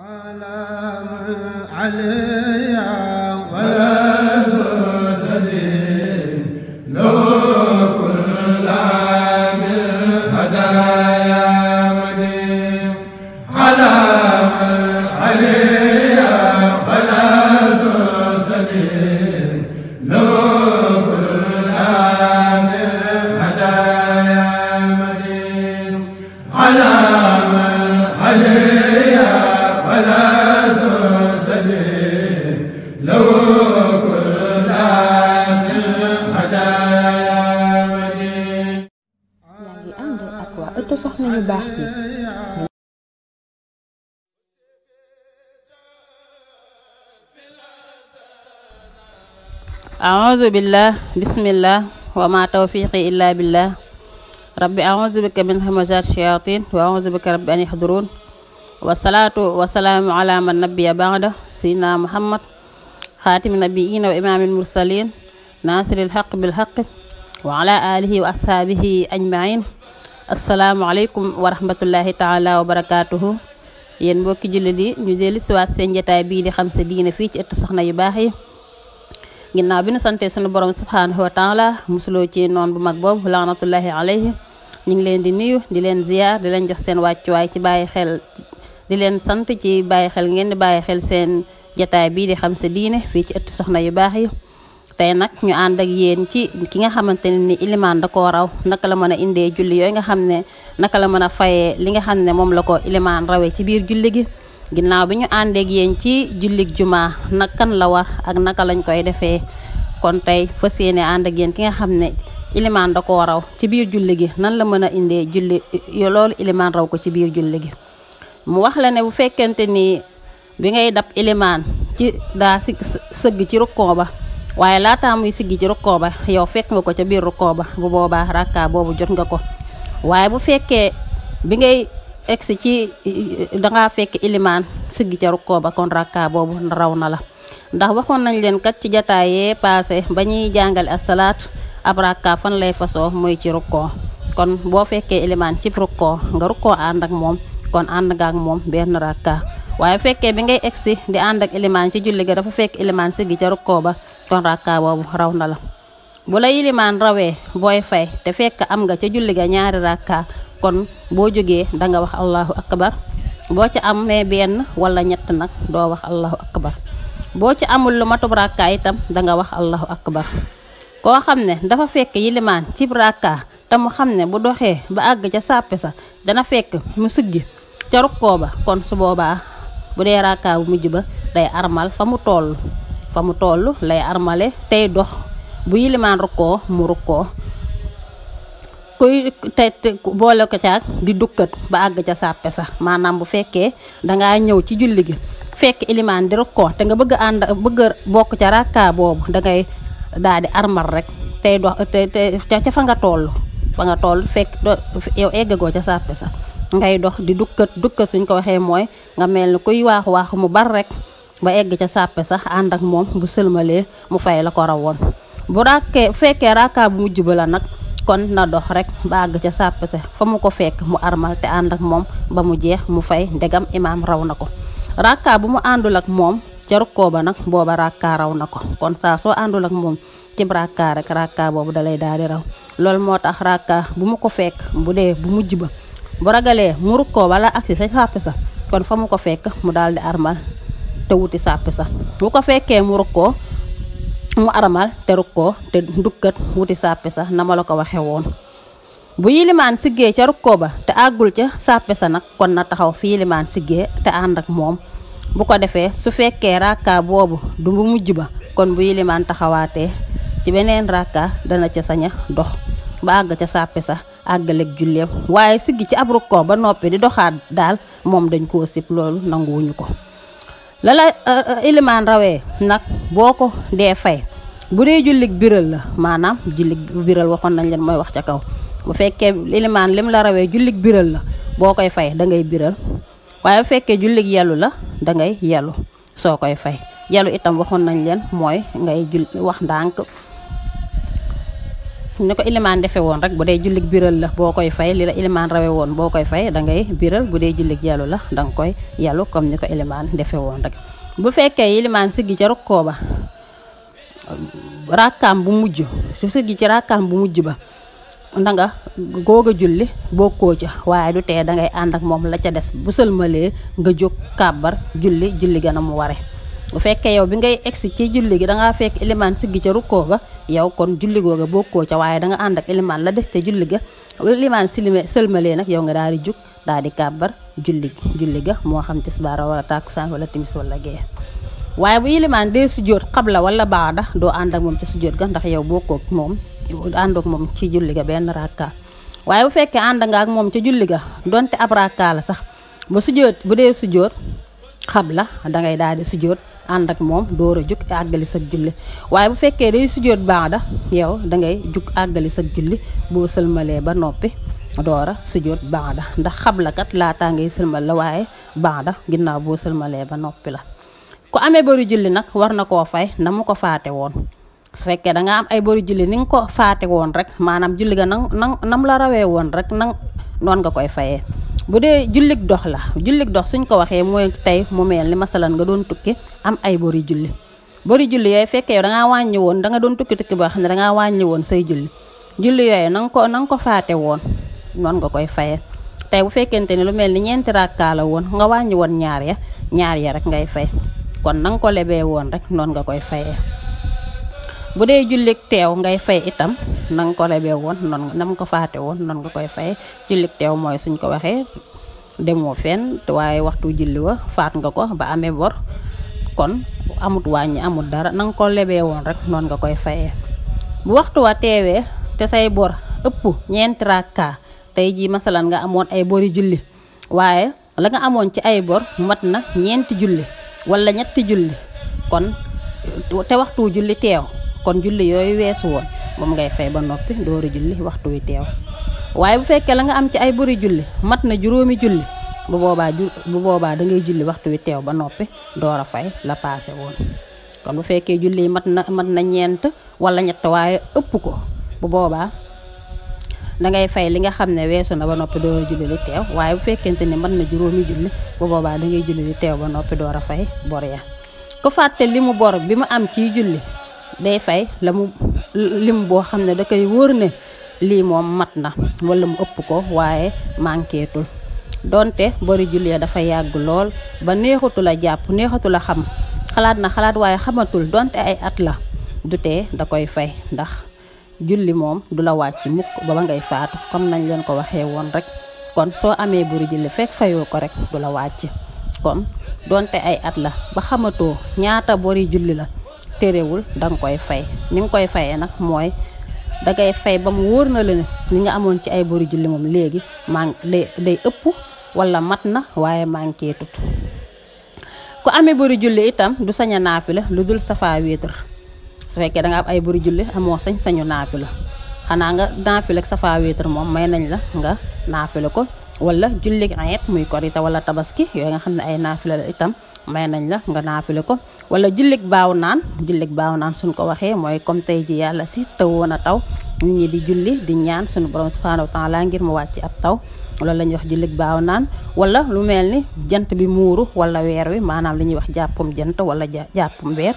على من عليها ولا سوسدي لو كل من هدايا مديم على من عليها ولا سوسدي لو ñu baax أعوذ بالله بسم الله وما توفيقي إلا بالله رب أعوذ بك من همزات الشياطين وأعوذ بك رب أن يحضرون والصلاة والسلام على من نبي بعده سيدنا محمد خاتم النبيين وإمام المرسلين ناصر الحق بالحق وعلى آله وأصحابه أجمعين asalaamaaleykum wa rahmatullahi taala wa barakaatuhu yéen mbokki jullit yi ñu dellu siwaat seen jataay bii di xam sa diine fii ci ëtt soxna yu baax yi ginnaaw bi nu sante sunu borom subhaanahu wa taala musuloo ci noon bu mag boobu laanatullahi alayhi ñu ngi leen di nuyu di leen ziyaar di leen jox seen wàccuwaay ci bàyyi xel di leen sant ci bàyyi xel ngeen di bàyyi xel seen jataay bii di xam sa diine fii ci ëtt soxna yu baax tey nag ñu ànd ak yéen ci ki nga xamante ne ni ilimaan da koo raw naka la mën a indee julli yooyu nga xam ne naka la mën a faye li nga xam ne moom la ko ilimaan rawee ci biir julli gi ginnaaw bi ñu àndeek yéen ci jullig jumaa nag kan la ak naka lañ koy defee kon tey fas yéene ànd ak yéen ki nga xam ne ilimaan da ci biir julli gi nan la mën a indee julli loolu ilimaan raw ko ci biir julli gi mu wax la ne bu fekkente ni bi ngay dab ilimaan ci daa sëgg ci rukkoo ba waaye ta muy siggi ci rukkoo ba yow fek nga ko ci bir rukkoo ba bu boba rakka bobu jot nga ko waye bu fekke bi ngay ex ci dangaa fekk ilimaan siggi ba kon rakka bobu rawna lah. la ndax waxon nañ len kat ci jotaaye passé bañuy jangal as-salat ab rakka fan lay faso muy ci kon bo fekke iliman ci rukkoo nga rukkoo and ak mom kon and ga ak mom ben rakka waye fekke bi ngay ex di and ak iliman ci julli ga dafa fek iliman siggi ci ba ton rakka boobu raw na la bu la yilimaan rawé boy fay te fekk am nga ci julli ga ñaari rakka kon bojuge, joggé da nga wax allahu akbar bo ci mé ben wala ñett nak do wax allahu akbar bo ci amul lu raka rakka itam da nga wax allahu akbar ko xam dafa fekk yiliman ci rakka te mu xam bu doxé ba ag ca sapé sa dana fekk mu suggi ci rukko ba kon su boba bu raka rakka bu mujju ba day armal famu fa mu toll lay armale tey dox bu yilimaan rukkoo mu rukkoo kuy te boole ko caag di dukkat ba àgg ca sàppe sax maanaam bu fekkee dangaa ñëw ci julli gi fekk ilimaan di rukkoo te nga bëgg ànd bëgg bokk ca rakka boobu dangay daal di armal rek tey dox te ca fa nga toll fa nga toll fekk yow eggagoo ca sàppe sax ngay dox di dukkat dukkat suñ ko waxee mooy nga mel ni kuy waaxu waaxu mu bar rek ba egg ci sàppe sax mom ak mom bu selmalé mu fay la ko rawon bu raké féké raka bu nak kon na dox rek ba àgg ca sàppe sa kofek mu ko fék mu armal te and ak mom ba mu jeex mu fay ndegam imam raw nako raka bu mu andul ak mom ci rukkoo ba nag booba ràkkaa raw nako kon sa so andul ak mom ci raka rek raka bobu dalay daal raw lol motax raka bu mu ko fék bu dé bu mujj bu ragalé mu rukkoo wala sa sax kon famu ko fék mu daldi armal te wuti sàppe sa bu ko fekkee mu rug mu aramal te rug te dukkat wuti sàppe sa na ma la ko waxe woon bu yilimaan siggee ca rukkoo ba te àggul ca sàppe sa nag kon na taxaw fi yilimaan siggee te ànd ak moom bu ko defee su fekkee rakka boobu du bu mujj ba kon bu yilimaan taxawaatee ci beneen rakka dana ca saña dox ba àgg ca sàppe sa àggaleeg julleem waaye sigg ci ab rukkoo ba noppi di doxaat daal moom dañ koo sib loolu nanguwuñu ko lala ilimaan euh, euh, rawee nag boo ko dee fay bu dee jullig biral la maanaam jullig biral waxoon nañ leen mooy wax ca kaw bu fekkee ilimaan lim la rawee jullig biral la boo koy fay da ngay biral waaye bu fekkee jullig yellu la dangay ngay soo koy fay yellu itam waxoon nañ leen mooy ngay jul wax ndànk ne ko iliman defe woon rek budé julik biral la bokoy fay lila la iliman rawe woon boo fay da ngay biral bu julik jullig yalu la dang koy yalu comme ni ko iliman defe rek bu féké iliman sigi ci ba rakam bu mujju su sigi ci rakam bu mujju ba da nga googa julli bokko ci waye du té da ngay and ak mom la ca dess bu selmalé nga jog kabar julli julli bu fekkee yow bi ngay egsi ci julli gi da nga fek eliman sigi ci ruko ba yow kon julli goga bokko ci waye da nga and ak eliman la def ci julli ga eliman silime selmale nak yow nga daal juk jug kabar julli julli ga mo xam tisbaar wala takusan wala timis wala ge waye bu ilimaan dee sujjóot qabla wala baada do and ak mom ci sujjóot ga ndax yow mom and ak mom ci julli ga ben raka waye bu fekke and nga ak mom ci julli ga donte ab la sax ba sujjóot bu dee sujjóot xam la da daal di sujjóot ànd ak moom door a jug àggali sa julli waaye bu fekkee day sujjóot baax da yow da ngay jug àggali sa julli boo sëlmalee ba noppi doora sujjóot baax da ndax kat laataa ngay sëlmal la waaye baax da ginnaaw boo sëlmalee ba noppi la ku amee bari julli nag war na koo fay na mu ko faate woon su fekkee da nga am ay bari julli ni nga ko faate woon rek maanaam julli ga nan nan nam la rawee woon rek nan noon nga koy fayee bu dee jullik dox la jullik dox suñ ko waxee mooy tey mu mel ni masalan nga doon tukki am ay bori julli bori julli yooyu fekkee yow da ngaa wàññi woon da doon tukki tukki boo xam ne da ngaa wàññi woon say julli julli yooyu nanga nga ko ko faate woon noonu nga koy faye tey bu fekkente ne lu mel ni ñeenti rakkaa la woon nga wàññi woon ñaar ya ñaar ya rek ngay fay kon nanga ko lebee woon rek noonu nga koy fayee bu dee jullik teew ngay fay itam na nga ko lebee woon noon na nga ko faate woon noonu nga koy fay jullik teew mooy suñ ko waxee demoo fenn waaye waxtu julli wa faat nga ko ba amee bor kon amut wàññi amut dara na ko lebee woon rek noonu nga koy fayee bu waxtu wa teewee te say bor ëpp ñeenti rakka tey jii masalan nga amoon ay bori julli waaye la amoon ci ay bor mat na ñeenti julli wala ñetti julli kon te waxtu julli teew kon julli yooyu weesu woon moom ngay fay ba noppi dooru julli waxtu wi teew waaye bu fekkee la nga am ci ay buri julli mat na juróomi julli bu boobaa ju bu boobaa da ngay julli waxtu wi teew ba noppi door a fay la woon kon bu fekkee julli mat na mat na ñeent wala ñett waaye ëpp ko bu boobaa da fay li nga xam ne weesu na ba noppi door a julli li bu fekkente ni mat na juróomi julli bu boobaa da ngay teew ba noppi door a fay bor ya ko fàtte li mu bor bi mu am ciy julli day fay la mu lim boo xam ne da koy wóor ne lii moom mat na wala mu ëpp ko waaye manqueetul donte bari julli dafa yàgg lool ba neexatul a jàpp neexatul a xam xalaat na xalaat waaye xamatul donte ay at la du te da koy fay ndax julli moom du la wàcc mukk ba ba ngay faatu comme nañ leen ko waxee woon rek kon soo amee bari julli fekk fayoo ko rek du la wàcc kon donte ay at la ba xamatoo ñaata bori julli la terewul dang koy fay nim koy fayé nak moy da ngay fay bam mu wóor na la ne nga amone ci ay bori julli mom légui mang day ëpp wala matna waye mang manqué tut ku amé bori julli itam du saña a naafila safa wéetar su fekkee da nga am ay bori julli amo sañ sañu naafila xana nga naafila ak safa mom may nañ la nga naafila ko wala julli ayet muy korita wala tabaski yo nga xamné ay naafila itam may nañ la nga naafile ko wala jullik baaw naan jullik baaw naan suñ ko waxee mooy comme tey ji yàlla si taw a taw nit ñi di julli di ñaan suñu borom subhanahu wa taala ngir mu wàcc ab taw loolu la ñuy wax jullik baaw naan wala lu mel ni jant bi muuru wala weer wi maanaam li ñuy wax jàppum jant wala jàppum weer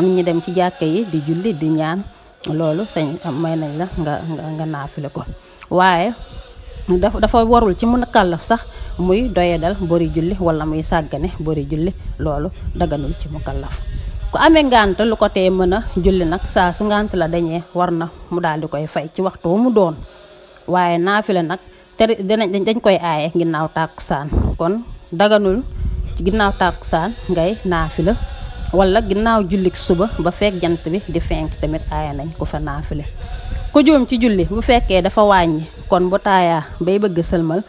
nit ñi dem ci dinyan, yi di julli di ñaan loolu sañ may nañ la nga nga, nga ko waaye dafa dafa warul ci mun a kàllaf sax muy doyadal bori julli wala muy sàggane bori julli loolu daganul ci mu kàllaf ku amee ngànt lu ko tee mën a julli nag saa su ngànt la dañee war na mu daal di koy fay ci waxtu mu doon waaye naafila nag te dañ koy aaye ginnaaw tàkkusaan kon daganul ginnaaw tàkku tàkkusaan ngay naafila walla ginnaaw jullik suba ba fekk jant bi di fenk tamit aaye nañ ku fa naafile ku juum ci julli bu fekkee dafa wàññi kon bu taayaa bay bëgg sëlmal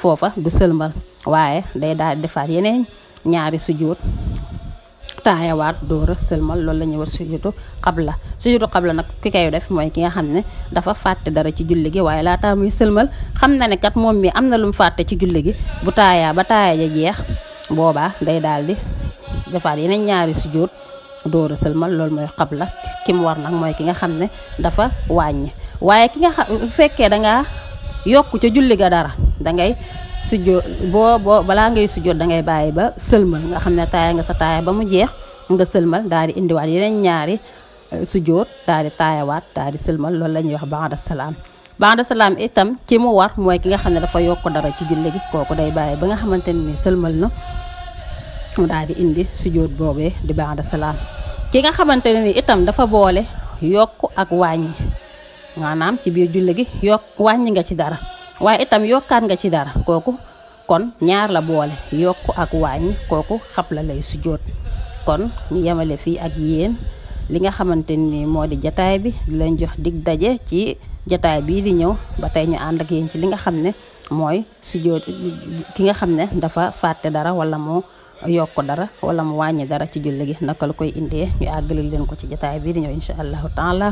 foofa du sëlmal waaye day daal defaat yeneen ñaari sujjóot taayawaat door a sëlmal lool la ñuy war sujudu xabla sujudu xabla nag ki koy def mooy ki nga xam ne dafa fàtte dara ci julli gi waaye laataa muy sëlmal xam na ne kat moom mi am na lu mu fàtte ci julli gi bu taaya ba taaya jeex boobaa day daal di defaat yeneen ñaari sujjóot door a sëlmal loolu mooy xabla ki mu war nag mooy ki nga xam ne dafa wàññi waaye ki nga xam bu fekkee danga nga yokk ca julli ga dara da ngay sujjo boo boo balaa ngay sujjoot da ngay bàyyi ba sëlmal nga xam ne taaya nga sa taaya ba mu jeex nga sëlmal daal di indiwaat yeneen ñaari euh, sujjoot di taayawaat daal di sëlmal loolu la ñuy wax ba'da salaam ba'da salaam itam ki mu war mooy ki nga xam ne dafa yokk dara ci julli gi kooku day bàyyi ba nga xamante ne ni sëlmal na mu daal di indi sujjoot boobee di ba'da salaam ki nga xamante ne itam dafa boole yokk ak wàññi. maanaam ci biir julli gi yokk wàññi nga ci dara waaye itam yokkaan nga ci dara kooku kon ñaar la boole ko ak wàññi kooku xab la lay sujjoot kon ñu yemale fii ak yéen li nga xamante ni moo di jataay bi di leen jox dig daje ci jataay bii di ñëw ba tey ñu ànd ak yéen ci li nga xam ne mooy ki nga xam ne dafa fàtte dara wala mu yokk dara wala mu wàññi dara ci julli gi naka la koy indee ñu àggali leen ko ci jataay bii di ñëw incha allahu taala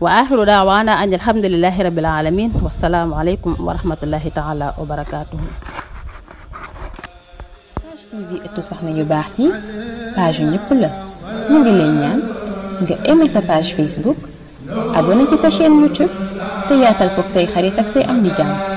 واخر دعوانا ان الحمد لله رب العالمين والسلام عليكم ورحمه الله تعالى وبركاته تيبي اتو صحنا يو باخ ني باج نيپلا نغي لي نيان